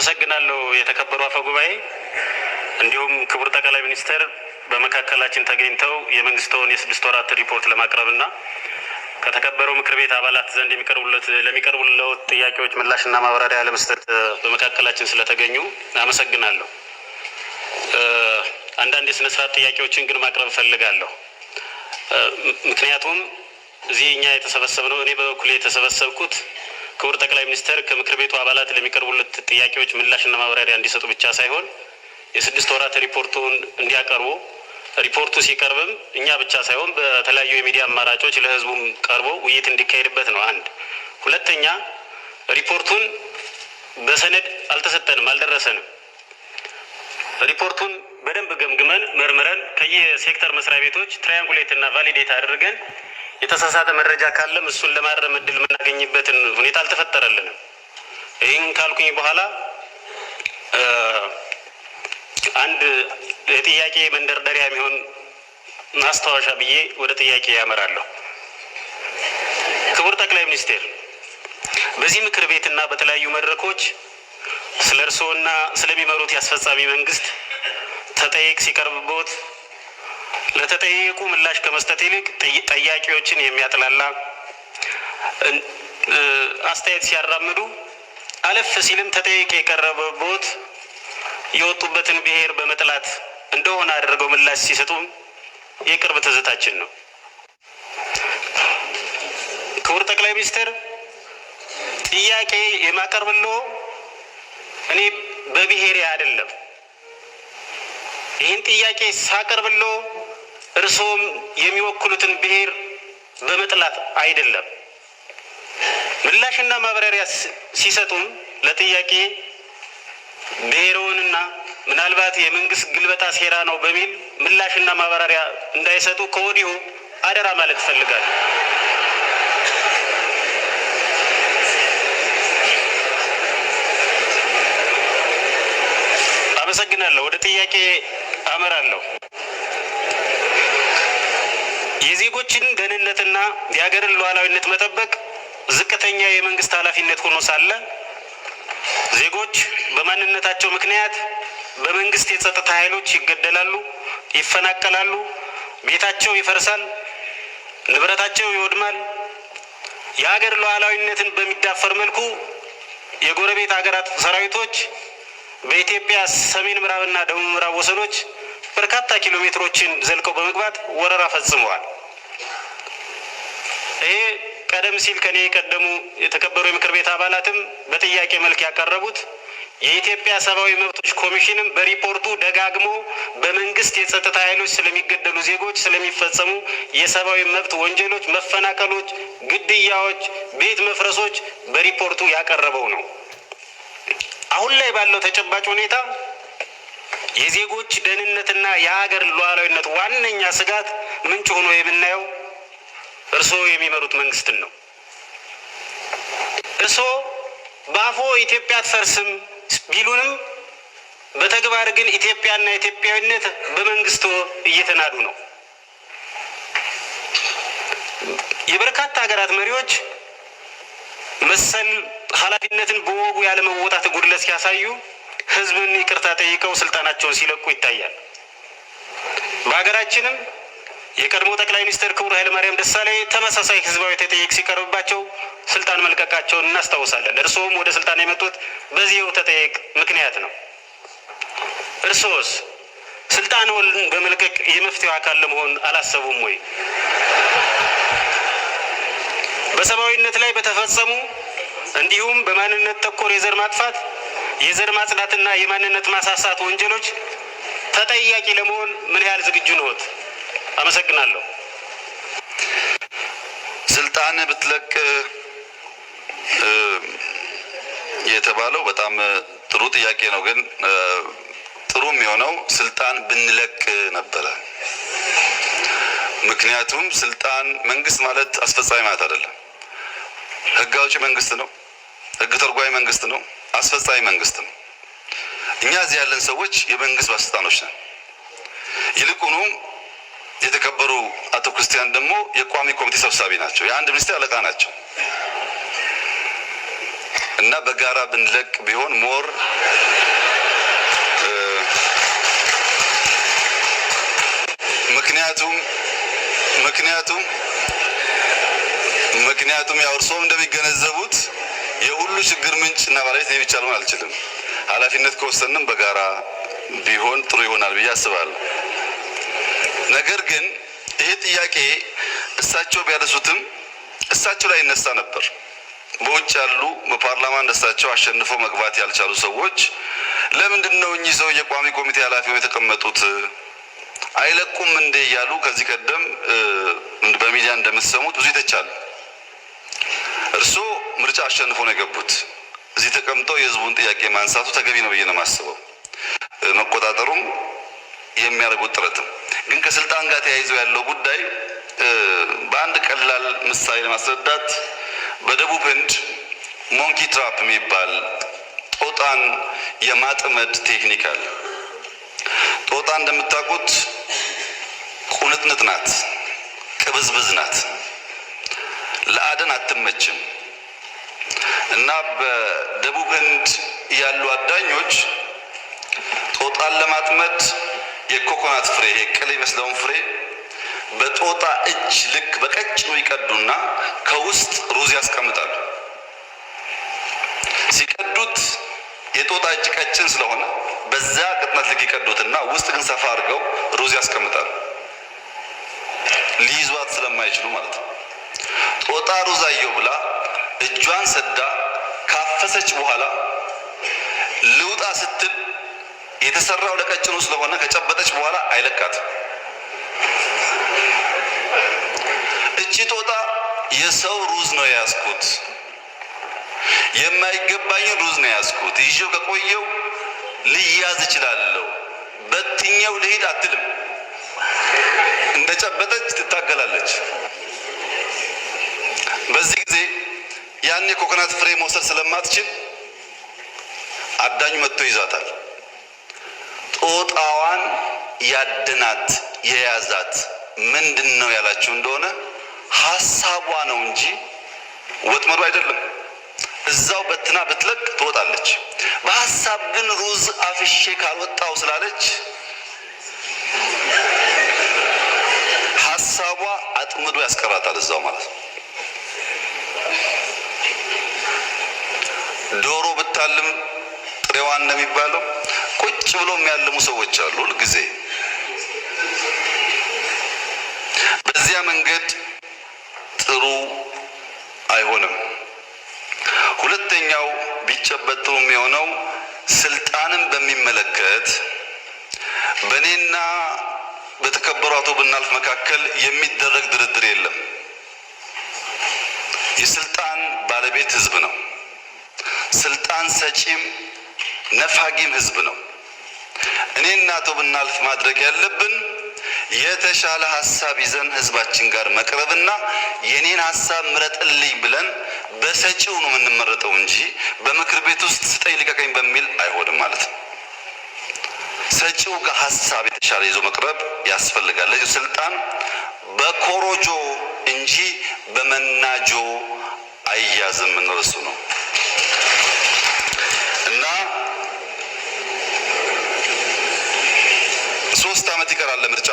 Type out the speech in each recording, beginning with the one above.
አመሰግናለሁ የተከበሩ አፈ ጉባኤ፣ እንዲሁም ክቡር ጠቅላይ ሚኒስትር በመካከላችን ተገኝተው የመንግስትን የስድስት ወራት ሪፖርት ለማቅረብና ከተከበረው ምክር ቤት አባላት ዘንድ የሚቀርቡለት ለሚቀርቡለት ጥያቄዎች ምላሽና ማብራሪያ ለመስጠት በመካከላችን ስለተገኙ አመሰግናለሁ። አንዳንድ የስነ ስርዓት ጥያቄዎችን ግን ማቅረብ እፈልጋለሁ። ምክንያቱም እዚህ እኛ የተሰበሰብነው እኔ በበኩል የተሰበሰብኩት ክቡር ጠቅላይ ሚኒስትር ከምክር ቤቱ አባላት ለሚቀርቡለት ጥያቄዎች ምላሽና ማብራሪያ እንዲሰጡ ብቻ ሳይሆን የስድስት ወራት ሪፖርቱን እንዲያቀርቡ ሪፖርቱ ሲቀርብም እኛ ብቻ ሳይሆን በተለያዩ የሚዲያ አማራጮች ለህዝቡም ቀርቦ ውይይት እንዲካሄድበት ነው። አንድ ሁለተኛ፣ ሪፖርቱን በሰነድ አልተሰጠንም፣ አልደረሰንም። ሪፖርቱን በደንብ ገምግመን መርምረን ከየሴክተር መስሪያ ቤቶች ትራያንጉሌትና ቫሊዴት አድርገን የተሳሳተ መረጃ ካለም እሱን ለማረም እድል የምናገኝበትን ሁኔታ አልተፈጠረልንም። ይህን ካልኩኝ በኋላ አንድ የጥያቄ መንደርደሪያ የሚሆን ማስታወሻ ብዬ ወደ ጥያቄ ያመራለሁ። ክቡር ጠቅላይ ሚኒስቴር፣ በዚህ ምክር ቤትና በተለያዩ መድረኮች ስለ እርስዎና ስለሚመሩት የአስፈጻሚ መንግስት ተጠይቅ ሲቀርብቦት ለተጠየቁ ምላሽ ከመስጠት ይልቅ ጠያቂዎችን የሚያጥላላ አስተያየት ሲያራምዱ አለፍ ሲልም የቀረበ ቦት የወጡበትን ብሔር በመጥላት እንደሆነ አድርገው ምላሽ ሲሰጡም የቅርብ ትዝታችን ነው። ክቡር ጠቅላይ ሚኒስትር ጥያቄ የማቀርብልዎ እኔ በብሔሬ አይደለም። ይህን ጥያቄ ሳቀርብልዎ እርስዎም የሚወክሉትን ብሔር በመጥላት አይደለም። ምላሽና ማብራሪያ ሲሰጡም ለጥያቄ ብሔርዎንና ምናልባት የመንግስት ግልበጣ ሴራ ነው በሚል ምላሽና ማብራሪያ እንዳይሰጡ ከወዲሁ አደራ ማለት እፈልጋለሁ። አመሰግናለሁ። ወደ ጥያቄ አመራለሁ። የዜጎችን ደህንነትና የሀገርን ሉዓላዊነት መጠበቅ ዝቅተኛ የመንግስት ኃላፊነት ሆኖ ሳለ ዜጎች በማንነታቸው ምክንያት በመንግስት የጸጥታ ኃይሎች ይገደላሉ፣ ይፈናቀላሉ፣ ቤታቸው ይፈርሳል፣ ንብረታቸው ይወድማል። የሀገር ሉዓላዊነትን በሚዳፈር መልኩ የጎረቤት ሀገራት ሰራዊቶች በኢትዮጵያ ሰሜን ምዕራብና ደቡብ ምዕራብ ወሰኖች በርካታ ኪሎ ሜትሮችን ዘልቀው በመግባት ወረራ ፈጽመዋል። ይሄ ቀደም ሲል ከኔ የቀደሙ የተከበሩ የምክር ቤት አባላትም በጥያቄ መልክ ያቀረቡት የኢትዮጵያ ሰብአዊ መብቶች ኮሚሽንም በሪፖርቱ ደጋግሞ በመንግስት የጸጥታ ኃይሎች ስለሚገደሉ ዜጎች ስለሚፈጸሙ የሰብአዊ መብት ወንጀሎች፣ መፈናቀሎች፣ ግድያዎች፣ ቤት መፍረሶች በሪፖርቱ ያቀረበው ነው። አሁን ላይ ባለው ተጨባጭ ሁኔታ የዜጎች ደህንነትና የሀገር ሉዓላዊነት ዋነኛ ስጋት ምንጭ ሆኖ የምናየው እርስዎ የሚመሩት መንግስትን ነው። እርስዎ በአፎ ኢትዮጵያ አትፈርስም ቢሉንም በተግባር ግን ኢትዮጵያና ኢትዮጵያዊነት በመንግስቶ እየተናዱ ነው። የበርካታ ሀገራት መሪዎች መሰል ኃላፊነትን በወጉ ያለመወጣት ጉድለት ሲያሳዩ ህዝብን ይቅርታ ጠይቀው ስልጣናቸውን ሲለቁ ይታያል። በሀገራችንም የቀድሞ ጠቅላይ ሚኒስትር ክቡር ኃይለማርያም ደሳለኝ ተመሳሳይ ህዝባዊ ተጠየቅ ሲቀርብባቸው ስልጣን መልቀቃቸውን እናስታውሳለን። እርስዎም ወደ ስልጣን የመጡት በዚህው ተጠየቅ ምክንያት ነው። እርስዎስ ስልጣንዎን በመልቀቅ የመፍትሄው አካል ለመሆን አላሰቡም ወይ? በሰብአዊነት ላይ በተፈጸሙ እንዲሁም በማንነት ተኮር የዘር ማጥፋት፣ የዘር ማጽዳትና የማንነት ማሳሳት ወንጀሎች ተጠያቂ ለመሆን ምን ያህል ዝግጁ ነዎት? አመሰግናለሁ። ስልጣን ብትለቅ የተባለው በጣም ጥሩ ጥያቄ ነው። ግን ጥሩ የሚሆነው ስልጣን ብንለቅ ነበረ። ምክንያቱም ስልጣን መንግስት ማለት አስፈጻሚ ማለት አይደለም። ህግ አውጪ መንግስት ነው። ህግ ተርጓሚ መንግስት ነው። አስፈጻሚ መንግስት ነው። እኛ እዚህ ያለን ሰዎች የመንግስት ባለስልጣኖች ነን። ይልቁኑም የተከበሩ አቶ ክርስቲያን ደግሞ የቋሚ ኮሚቴ ሰብሳቢ ናቸው። የአንድ ሚኒስቴር አለቃ ናቸው እና በጋራ ብንለቅ ቢሆን ሞር ምክንያቱም ምክንያቱም ምክንያቱም ያው እርስዎም እንደሚገነዘቡት የሁሉ ችግር ምንጭ እና ባለቤት እኔ ብቻ ልሆን አልችልም። ኃላፊነት ከወሰንም በጋራ ቢሆን ጥሩ ይሆናል ብዬ አስባለሁ። ነገር ግን ይህ ጥያቄ እሳቸው ቢያነሱትም እሳቸው ላይ ይነሳ ነበር። በውጭ ያሉ በፓርላማ እንደሳቸው አሸንፈው መግባት ያልቻሉ ሰዎች ለምንድን ነው እኚህ ሰው የቋሚ ኮሚቴ ኃላፊ የተቀመጡት አይለቁም እንዴ እያሉ ከዚህ ቀደም በሚዲያ እንደምትሰሙት ብዙ ይተቻል። እርስዎ ምርጫ አሸንፎ ነው የገቡት። እዚህ ተቀምጠው የህዝቡን ጥያቄ ማንሳቱ ተገቢ ነው ብዬ ነው የማስበው። መቆጣጠሩም የሚያደርጉት ጥረትም ግን ከስልጣን ጋር ተያይዞ ያለው ጉዳይ በአንድ ቀላል ምሳሌ ለማስረዳት በደቡብ ህንድ ሞንኪ ትራፕ የሚባል ጦጣን የማጥመድ ቴክኒክ አለ። ጦጣ እንደምታውቁት ቁንጥንጥ ናት፣ ቅብዝብዝ ናት፣ ለአደን አትመችም እና በደቡብ ህንድ ያሉ አዳኞች ጦጣን ለማጥመድ የኮኮናት ፍሬ ይሄ ቅል ይመስለውን ፍሬ በጦጣ እጅ ልክ በቀጭኑ ይቀዱና ከውስጥ ሩዝ ያስቀምጣሉ። ሲቀዱት የጦጣ እጅ ቀጭን ስለሆነ በዛ ቅጥነት ልክ ይቀዱትና ውስጥ ግን ሰፋ አድርገው ሩዝ ያስቀምጣሉ። ሊይዟት ስለማይችሉ ማለት ነው። ጦጣ ሩዝ አየው ብላ እጇን ሰዳ ካፈሰች በኋላ ልውጣ ስትል የተሰራው ለቀጭኑ ስለሆነ ከጨበጠች በኋላ አይለቃትም። እቺ ጦጣ የሰው ሩዝ ነው የያዝኩት፣ የማይገባኝን ሩዝ ነው የያዝኩት፣ ይዤው ከቆየው ልያዝ እችላለሁ፣ በትኛው ልሂድ አትልም። እንደጨበጠች ትታገላለች። በዚህ ጊዜ ያን የኮኮናት ፍሬ መውሰድ ስለማትችል አዳኙ መጥቶ ይዛታል። ጦጣዋን ያድናት የያዛት ምንድን ነው ያላችሁ እንደሆነ ሀሳቧ ነው እንጂ ወጥመዱ አይደለም። እዛው በትና ብትለቅ ትወጣለች። በሀሳብ ግን ሩዝ አፍሼ ካልወጣው ስላለች ሀሳቧ አጥምዶ ያስቀራታል እዛው ማለት ነው። ዶሮ ብታልም ጥሬዋን ነው የሚባለው። ቁጭ ብሎ የሚያልሙ ሰዎች አሉ። ሁልጊዜ በዚያ መንገድ ጥሩ አይሆንም። ሁለተኛው ቢጨበጥ ጥሩ የሚሆነው ስልጣንን በሚመለከት በእኔና በተከበሩ አቶ ብናልፍ መካከል የሚደረግ ድርድር የለም። የስልጣን ባለቤት ህዝብ ነው። ስልጣን ሰጪም ነፋጊም ህዝብ ነው። እኔ እና አቶ ብናልፍ ማድረግ ያለብን የተሻለ ሀሳብ ይዘን ህዝባችን ጋር መቅረብና የኔን ሀሳብ ምረጥልኝ ብለን በሰጪው ነው የምንመረጠው እንጂ በምክር ቤት ውስጥ ስጠኝ ልቀቀኝ በሚል አይሆንም ማለት ነው። ሰጪው ጋር ሀሳብ የተሻለ ይዞ መቅረብ ያስፈልጋል። ለዚህ ስልጣን በኮሮጆ እንጂ በመናጆ አያዝም። እንረሱ ነው ነገር አለ ምርጫ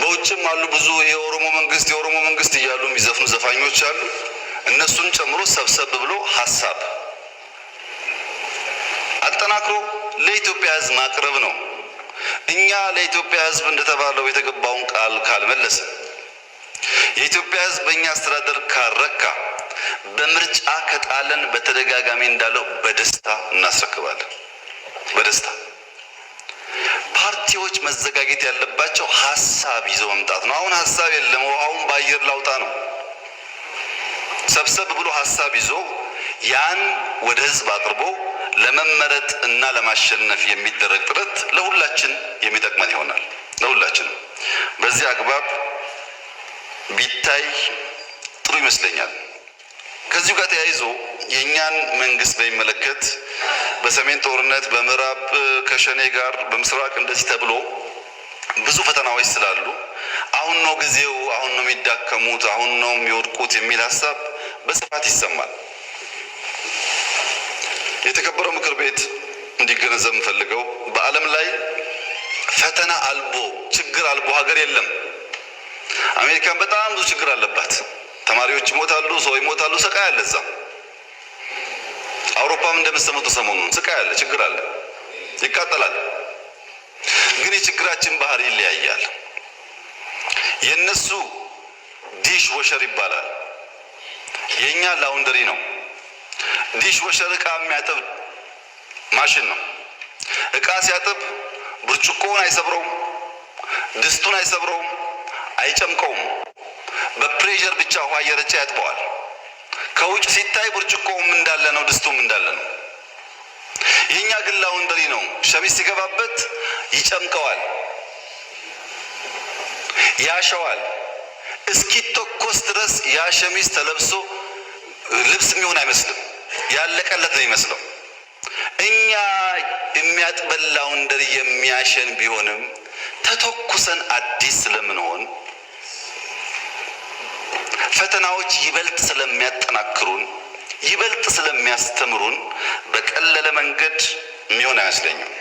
በውጭም አሉ ብዙ የኦሮሞ መንግስት የኦሮሞ መንግስት እያሉ የሚዘፍኑ ዘፋኞች አሉ። እነሱን ጨምሮ ሰብሰብ ብሎ ሀሳብ አጠናክሮ ለኢትዮጵያ ሕዝብ ማቅረብ ነው። እኛ ለኢትዮጵያ ሕዝብ እንደተባለው የተገባውን ቃል ካልመለሰ የኢትዮጵያ ሕዝብ በእኛ አስተዳደር ካረካ በምርጫ ከጣለን በተደጋጋሚ እንዳለው በደስታ እናስረክባለን። በደስታ ፓርቲዎች መዘጋጀት ያለባቸው ሀሳብ ይዘው መምጣት ነው። አሁን ሀሳብ የለም፣ ውሃውን በአየር ላውጣ ነው። ሰብሰብ ብሎ ሀሳብ ይዞ ያን ወደ ህዝብ አቅርቦ ለመመረጥ እና ለማሸነፍ የሚደረግ ጥረት ለሁላችን የሚጠቅመን ይሆናል። ለሁላችንም በዚህ አግባብ ቢታይ ጥሩ ይመስለኛል። ከዚሁ ጋር ተያይዞ የእኛን መንግስት በሚመለከት በሰሜን ጦርነት፣ በምዕራብ ከሸኔ ጋር፣ በምስራቅ እንደዚህ ተብሎ ብዙ ፈተናዎች ስላሉ አሁን ነው ጊዜው፣ አሁን ነው የሚዳከሙት፣ አሁን ነው የሚወድቁት የሚል ሀሳብ በስፋት ይሰማል። የተከበረው ምክር ቤት እንዲገነዘብ የምፈልገው በዓለም ላይ ፈተና አልቦ ችግር አልቦ ሀገር የለም። አሜሪካን በጣም ብዙ ችግር አለባት። ተማሪዎች ይሞታሉ፣ ሰው ይሞታሉ፣ ሰቃይ አለ አውሮፓም እንደምትሰሙት ሰሞኑን ስቃይ አለ፣ ችግር አለ፣ ይቃጠላል። ግን የችግራችን ባህር ይለያያል። የነሱ ዲሽ ወሸር ይባላል፣ የኛ ላውንደሪ ነው። ዲሽ ወሸር እቃ የሚያጥብ ማሽን ነው። እቃ ሲያጥብ ብርጭቆውን አይሰብረውም፣ ድስቱን አይሰብረውም፣ አይጨምቀውም። በፕሬዠር ብቻ ውሃ እየረጨ ያጥበዋል። ከውጭ ሲታይ ብርጭቆውም እንዳለ ነው፣ ድስቱም እንዳለ ነው። የእኛ ግን ላውንደሪ ነው። ሸሚዝ ሲገባበት ይጨምቀዋል፣ ያሸዋል። እስኪተኮስ ድረስ ያ ሸሚዝ ተለብሶ ልብስ የሚሆን አይመስልም፣ ያለቀለት ነው ይመስለው። እኛ የሚያጥበን ላውንደሪ የሚያሸን ቢሆንም ተተኩሰን አዲስ ስለምንሆን ፈተናዎች ይበልጥ ስለሚያጠናክሩን ይበልጥ ስለሚያስተምሩን በቀለለ መንገድ የሚሆን አይመስለኝም።